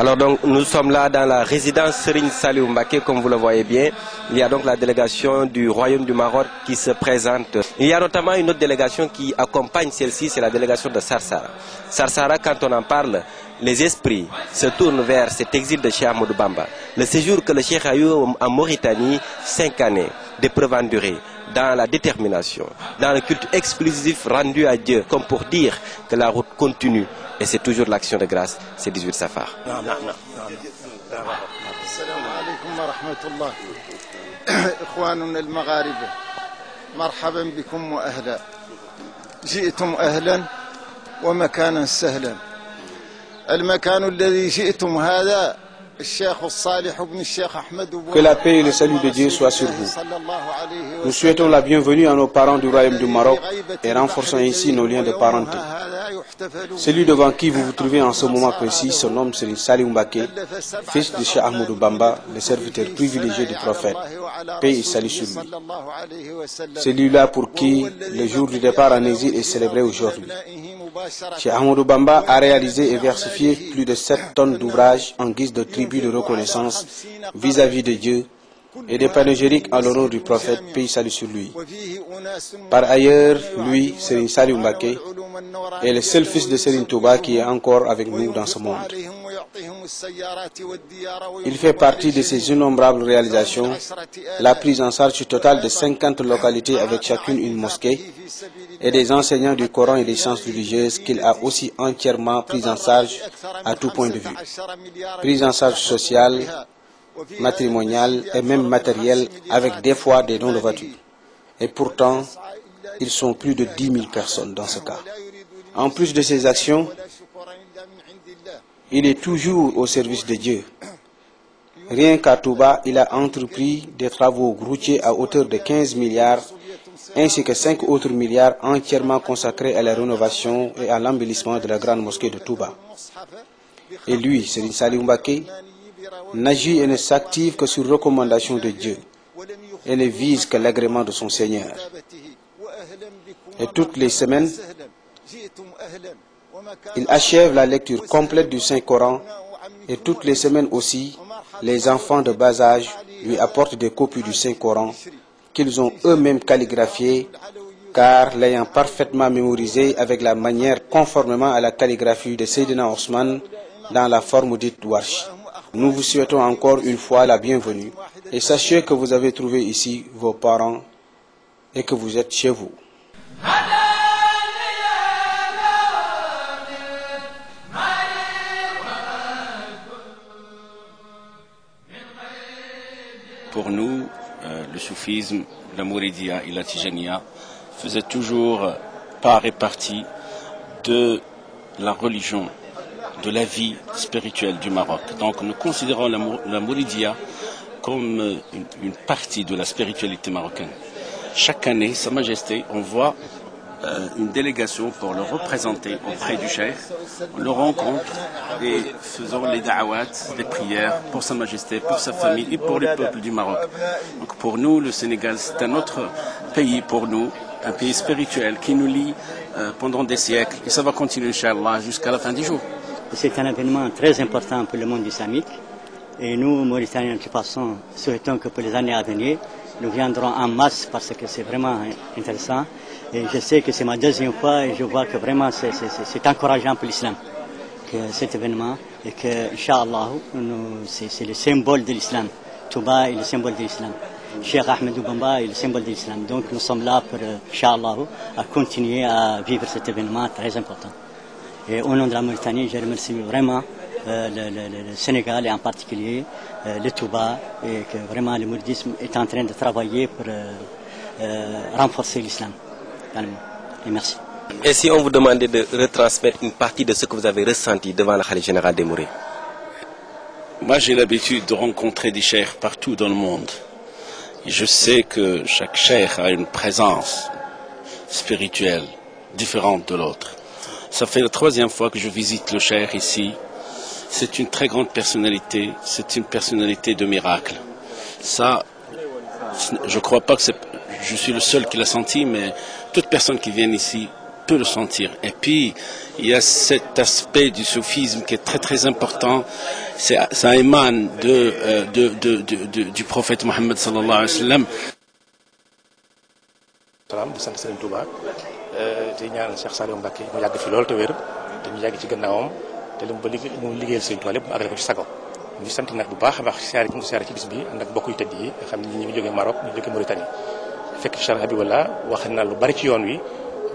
Alors donc nous sommes là dans la résidence Serine Saliou Mbake, comme vous le voyez bien. Il y a donc la délégation du Royaume du Maroc qui se présente. Il y a notamment une autre délégation qui accompagne celle-ci, c'est la délégation de Sarsara. Sarsara, quand on en parle, les esprits se tournent vers cet exil de Cheikh Amadou Bamba. Le séjour que le Cheikh a eu en Mauritanie, cinq années d'épreuves endurées, dans la détermination, dans le culte exclusif rendu à Dieu, comme pour dire que la route continue et c'est toujours l'action de grâce, c'est 18 Safar. Que la paix et le salut de Dieu soient sur vous. Nous souhaitons la bienvenue à nos parents du royaume du Maroc et renforçons ainsi nos liens de parenté. Celui devant qui vous vous trouvez en ce moment précis, son nom c'est Salim Mbake, fils de Shah Ahmadou Bamba, le serviteur privilégié du prophète. Paix et salut sur lui. Celui-là pour qui le jour du départ en exil est célébré aujourd'hui. Cheikh Ahmadou Bamba a réalisé et versifié plus de 7 tonnes d'ouvrages en guise de tribut de reconnaissance vis à -vis de Dieu et des panégyriques en l'honneur du prophète, pays salut sur lui. Par ailleurs, lui, Serin Salim est le seul fils de Serin Touba qui est encore avec nous dans ce monde. Il fait partie de ses innombrables réalisations, la prise en charge totale de 50 localités avec chacune une mosquée et des enseignants du Coran et des sciences religieuses qu'il a aussi entièrement prise en charge à tout point de vue. Prise en charge sociale, matrimonial et même matériel avec des fois des noms de voiture. Et pourtant, ils sont plus de 10 000 personnes dans ce cas. En plus de ses actions, il est toujours au service de Dieu. Rien qu'à Touba, il a entrepris des travaux groutiers à hauteur de 15 milliards ainsi que 5 autres milliards entièrement consacrés à la rénovation et à l'embellissement de la grande mosquée de Touba. Et lui, c'est Salim n'agit et ne s'active que sur recommandation de Dieu et ne vise que l'agrément de son Seigneur. Et toutes les semaines, il achève la lecture complète du Saint-Coran et toutes les semaines aussi, les enfants de bas âge lui apportent des copies du Saint-Coran qu'ils ont eux-mêmes calligraphiées car l'ayant parfaitement mémorisé avec la manière conformément à la calligraphie de Sayyidina Osman dans la forme dite Warsh. Nous vous souhaitons encore une fois la bienvenue et sachez que vous avez trouvé ici vos parents et que vous êtes chez vous. Pour nous, euh, le soufisme, la Mouridia et la Tijania faisaient toujours euh, part et partie de la religion de la vie spirituelle du Maroc. Donc nous considérons la, la Mouridia comme euh, une, partie de la spiritualité marocaine. Chaque année, Sa Majesté envoie euh, une délégation pour le représenter auprès du Cheikh. On le rencontre et faisons les da'awats, les prières pour Sa Majesté, pour sa famille et pour le peuple du Maroc. Donc pour nous, le Sénégal, c'est un autre pays pour nous, un pays spirituel qui nous lie euh, pendant des siècles et ça va continuer, Inch'Allah, jusqu'à la fin des jours. C'est un événement très important pour le monde islamique. Et nous, Mauritaniens qui passons, souhaitons que pour les années à venir, nous viendrons en masse parce que c'est vraiment intéressant. Et je sais que c'est ma deuxième fois et je vois que vraiment c'est encourageant pour l'islam, que cet événement, et que, Inch'Allah, c'est le symbole de l'islam. Touba est le symbole de l'islam. Cheikh Ahmed Bamba est le symbole de l'islam. Donc nous sommes là pour, Inch'Allah, à continuer à vivre cet événement très important. Et au nom de la Mauritanie, je remercie vraiment euh, le, Sénégal et en particulier euh, le Touba et que vraiment le mouridisme est en train de travailler pour euh, renforcer l'islam. Et merci. Et si on vous demandait de retransmettre une partie de ce que vous avez ressenti devant la Khalid générale des Mouris Moi j'ai l'habitude de rencontrer des chers partout dans le monde. je sais que chaque cher a une présence spirituelle différente de l'autre. Ça fait la troisième fois que je visite le Cher ici. C'est une très grande personnalité. C'est une personnalité de miracle. Ça, je crois pas que c'est, je suis le seul qui l'a senti, mais toute personne qui vient ici peut le sentir. Et puis, il y a cet aspect du soufisme qui est très très important. Ça émane euh, de, du prophète Mohammed sallallahu alayhi wa sallam. te euh, ñaanal Cheikh Saliou Mbacke mu yàgg fi lool te wér te ñu yàgg ci gannaawam te li mu ba liggéey liggéeyal seen tool yëpp mu àggale ko ci sago ñu sant nag bu baax a baax siyaare bi mu ci bis bi ànd ak mbokk yu tëdd yi nga xam ne ñi ñu jógee Maroc ñu jógee Mauritanie fekk Cheikh Habibullah lu bari ci yoon wi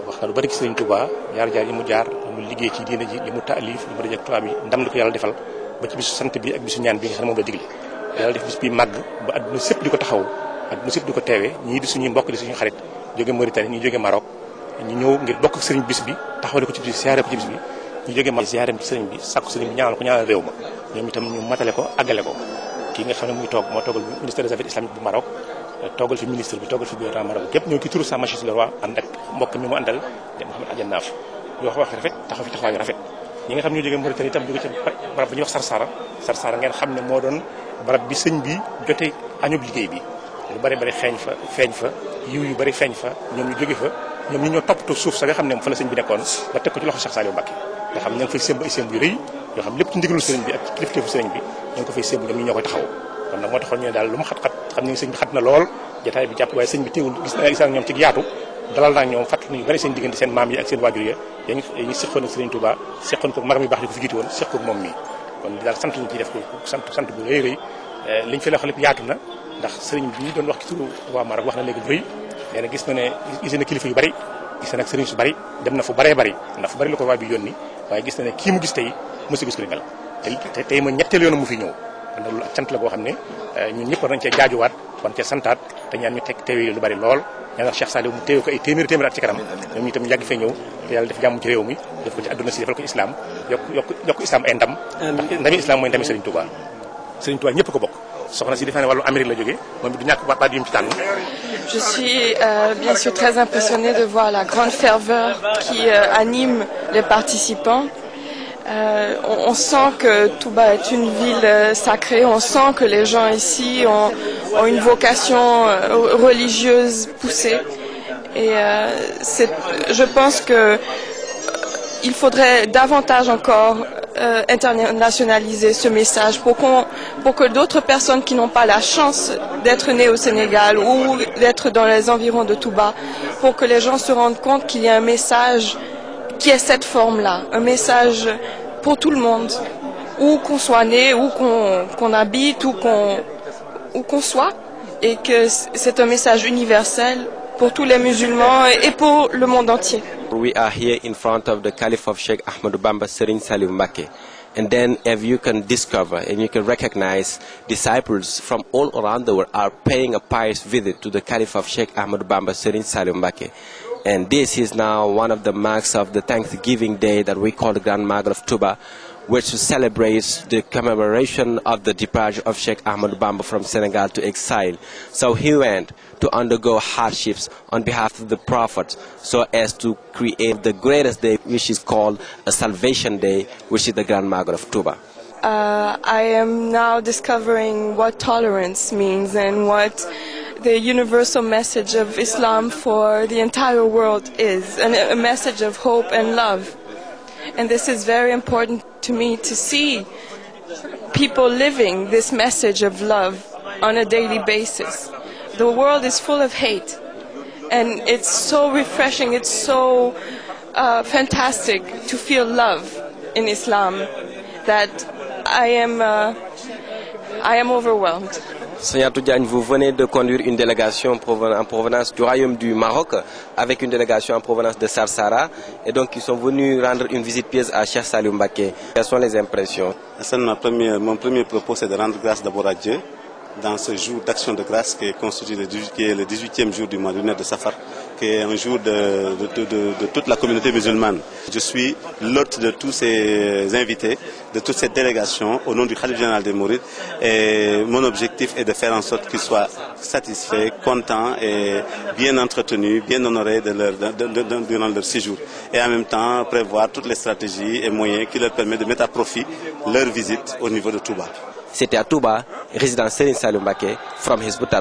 wax na lu bari ci Sëriñ Touba jaar jaar yi mu jaar li liggéey ci diina ji mu taalif li mu dajak defal ba sant bi ak bisu ñaan bi nga xam ne moom la màgg ba adduna sëpp di ko taxaw adduna sëpp di ko teewee ñii di suñuy mbokk di suñu xarit jóge Mauritanie ñu jóge Maroc ñu ñëw ngir bokk ak sëriñ bis bi taxawale ko ci bis bi siyaare ko ci bis bi ñu jógee ma siyaare ci sëriñ bi sàkku sëriñ bi ñaanal ko ñaanal réew ma ñoom itam ñu matale ko àggale ko kii nga xam ne muy toog moo toogal ministère des affaires islamiques bu Maroc eh, toogal fi ministre bi toogal fi gouvernement Maroc képp ñëw ci turu Sa Majesté le Roi ànd ak mbokk mi mu àndal de Mohamed Adja Naaf ñu wax wax rafet taxaw xam ñu wax Sarsara Sarsara ngeen xam ne moo doon barab bi sëñ bi jote añub liggéey bi lu bari bari feeñ fa fa yiw yu bari feeñ fa ñoom ñu jóge fa ñoom ñu ñoo toppatoo suuf sa nga xam ne fa la sëñ bi nekkoon ba teg ko ci loxo Cheikh Saliou Mbacké nga xam ña ngi moo taxoon ñu ne daal lu mu xat bi xat seen diggante seen seen bu rëy rëy eh, liñ wax lépp yaatu na ndax sëriñ bi doon wax ci turu waa Maroc wax na léegi bu rëy nee gis na ne gis kilifa yu bari gis na nag sëriñ su bari dem na fu baree bari ndax fu bari la ko waa bi yónni waaye gis na kii mu gis tey mësu gis ko ni mel te tey ma ñetteel yoon mu fi ñëw ndax loolu ak la goo xam ne eh, ñun ñëpp war nañ cee jaajuwaat war nañ santaat te ñaan ñu teg teewe lu bari lool ñaanal Cheikh Saliou mu teewe ko ay téeméeri téeméeri at ci kanam ñoom ñu itam yàgg fee ñëw te yàlla def jàmm ci réew def ko ci àdduna si defal ko ci yokk yokk yokk ay ndam ndax ndami islam mooy ndami Serigne Touba ñëpp ko bokk Je suis euh, bien sûr très impressionnée de voir la grande ferveur qui euh, anime les participants. Euh, on, sent que Touba est une ville sacrée, on sent que les gens ici ont, une vocation religieuse poussée. Et je pense qu'il faudrait davantage encore euh, internationaliser ce message pour, pour que d'autres personnes qui n'ont pas la chance d'être nées au Sénégal ou d'être dans les environs de Touba, pour que les gens se rendent compte qu'il y a un message qui est cette forme-là, un message pour tout le monde, où qu'on soit né, où qu'on habite, où qu'on soit, et que c'est un message universel pour tous les musulmans et pour le monde entier. we are here in front of the Caliph of Sheikh Ahmadu Bamba Serin Salim Mbake. And then if you can discover and you can recognize disciples from all around the world are paying a pious visit to the Caliph of Sheikh Ahmadu Bamba Serin Salim Mbake. And this is now one of the marks of the Thanksgiving Day that we call the Grand Mark of Tuba, which celebrates the commemoration of the departure of Sheikh Ahmed Bamba from Senegal to exile. So he went to undergo hardships on behalf of the Prophet so as to create the greatest day, which is called a Salvation Day, which is the Grand Magal of Tuba. Uh, I am now discovering what tolerance means and what the universal message of Islam for the entire world is, and a message of hope and love. And this is very important to me to see people living this message of love on a daily basis. The world is full of hate, and it's so refreshing, it's so uh, fantastic to feel love in Islam that I am, uh, I am overwhelmed. Seigneur vous venez de conduire une délégation en provenance du Royaume du Maroc avec une délégation en provenance de Sarsara et donc ils sont venus rendre une visite pièce à Cheikh Salim Quelles sont les impressions Mon premier propos c'est de rendre grâce d'abord à Dieu dans ce jour d'action de grâce qui est le, le 18e jour du mois lunaire de Safar un jour de, toute la communauté musulmane. Je suis l'hôte de tous ces invités, de toutes ces délégations, au nom du Khalif général des Mourid. Et mon objectif est de faire en sorte qu'ils soient satisfaits, contents et bien entretenus, bien honorés durant leur séjour. Et en même temps, prévoir toutes les stratégies et moyens qui leur permettent de mettre à profit leur visite au niveau de Touba. C'était à Touba, résident Serine Salumbake, from Hizbut